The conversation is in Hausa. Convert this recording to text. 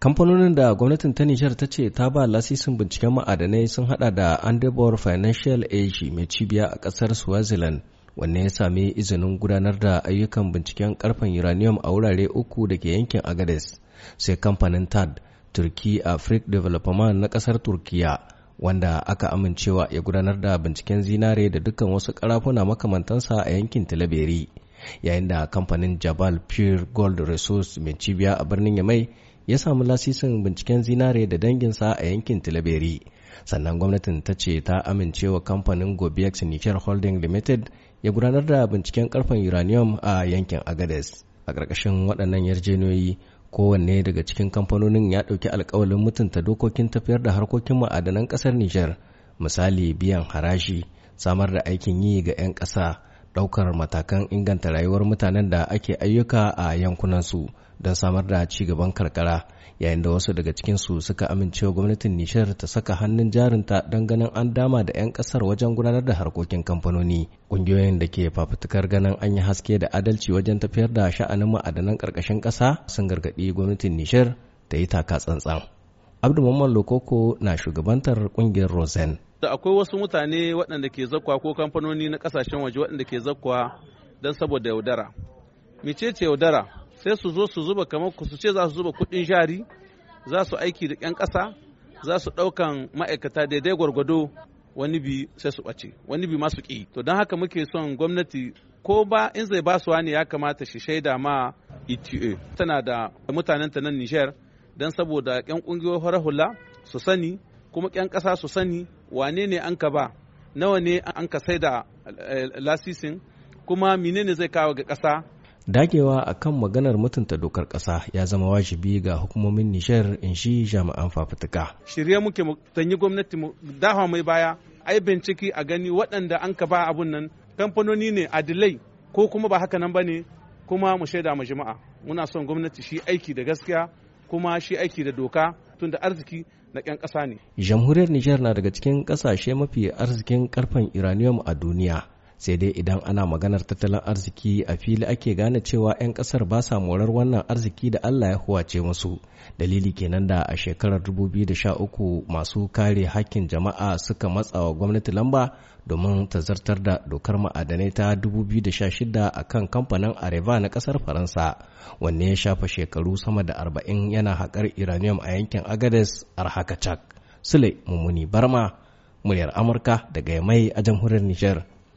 kamfanonin da gwamnatin ta nijar ta ce ta ba lasisin binciken ma'adanai sun hada da andebor financial age mai cibiya a kasar swaziland wanne ya sami izinin gudanar da ayyukan binciken karfen uranium a wurare uku da ke yankin agades sai kamfanin tad turkey afric development na kasar turkiya wanda aka amincewa ya gudanar da binciken zinare da dukkan wasu karafuna makamantansa a yankin talaberi yayin da kamfanin jabal pure gold resource mai cibiya a birnin yamai ya samu lasisin binciken zinare da danginsa a yankin tilaberi sannan gwamnatin ta ce ta amincewa kamfanin gobex niger holding limited ya gudanar da binciken karfen uranium a yankin agades a ƙarƙashin waɗannan yarjejeniyoyi kowanne daga cikin kamfanonin ya ɗauki alkawalin mutunta dokokin tafiyar da harkokin ma'adanan ƙasar nijar misali biyan harashi samar da aikin yi ga 'yan ƙasa ɗaukar matakan inganta rayuwar mutanen da ake ayyuka a yankunansu don samar da ci gaban karkara yayin da wasu daga cikin su suka amincewa gwamnatin nishar ta saka hannun jarinta don ganin an dama da 'yan kasar wajen gudanar da harkokin kamfanoni ƙungiyoyin da ke fafutukar ganin an yi haske da adalci wajen tafiyar da sha'anin ma'adanan karkashin ƙasa sun gargaɗi gwamnatin nishar ta yi taka tsantsan abdu mamman lokoko na shugabantar kungiyar rosen da akwai wasu mutane waɗanda ke zakwa ko kamfanoni na ƙasashen waje waɗanda ke zakwa don saboda yaudara mecece yaudara sai su zo su zuba kamar su ce za su zuba kuɗin jari za su aiki da ƙyan ƙasa za su ɗaukan ma'aikata daidai gwargwado wani bi sai su ɓace wani bi masu ƙi to don haka muke son gwamnati ko ba in zai ba su wani ya kamata shi shaida ma ETA tana da mutanen ta nan Niger don saboda 'yan ƙungiyoyin horar su sani kuma 'yan ƙasa su sani wane ne an ka ba nawa ne an ka sai da eh, lasisin kuma menene zai kawo ga ƙasa dagewa a kan maganar mutunta dokar ƙasa ya zama wajibi ga hukumomin nishar in shi jami'an fafutuka shirye muke mu tanyi gwamnati mu dafa mai baya ai binciki a gani waɗanda an ka ba abun nan kamfanoni ne adilai ko kuma ba haka nan ba ne kuma mu shaida ma jama'a muna son gwamnati shi aiki da gaskiya kuma shi aiki da doka tunda arziki na 'yan ƙasa ne jamhuriyar nijar na daga cikin ƙasashe mafi arzikin karfan uranium a duniya sai dai idan ana maganar tattalin arziki a fili ake gane cewa 'yan kasar ba sa morar wannan arziki da allah ya huwace musu dalili kenan da a shekarar 2013 masu kare hakkin jama'a suka matsawa gwamnati lamba domin ta zartar da dokar ma'adanai ta 2016 a kan kamfanin areva na kasar faransa wanne ya shafa shekaru sama da 40 yana haƙar iranium a yankin agades arhakacak sule mummuni barma muryar amurka daga mai a jamhuriyar nijar